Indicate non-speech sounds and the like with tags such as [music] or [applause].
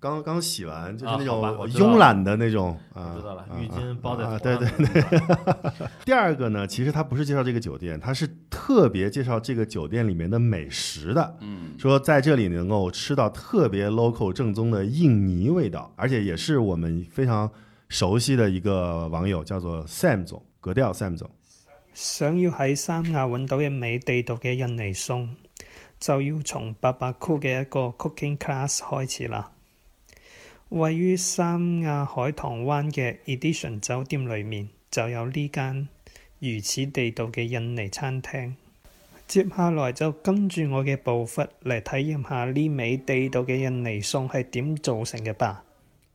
剛剛洗完，就是那種慵懶的那種啊。知道了，浴巾、啊、包在上、啊啊。對對對。 [laughs] 第二個呢，其實他不是介紹這個酒店，他是特別介紹這個酒店裏面的美食的。嗯。說在這裏能夠吃到特別 local 正宗的印尼味道，而且也是我們非常熟悉的一個網友，叫做 Sam 總，格調 Sam 總。想要喺三亞搵到一味地道嘅印尼餸，就要從八百箍嘅一個 cooking class 開始啦。位於三亞海棠灣嘅 Edition 酒店裏面，就有呢間如此地道嘅印尼餐廳。接下來就跟住我嘅步伐嚟體驗下呢味地道嘅印尼餸係點做成嘅吧。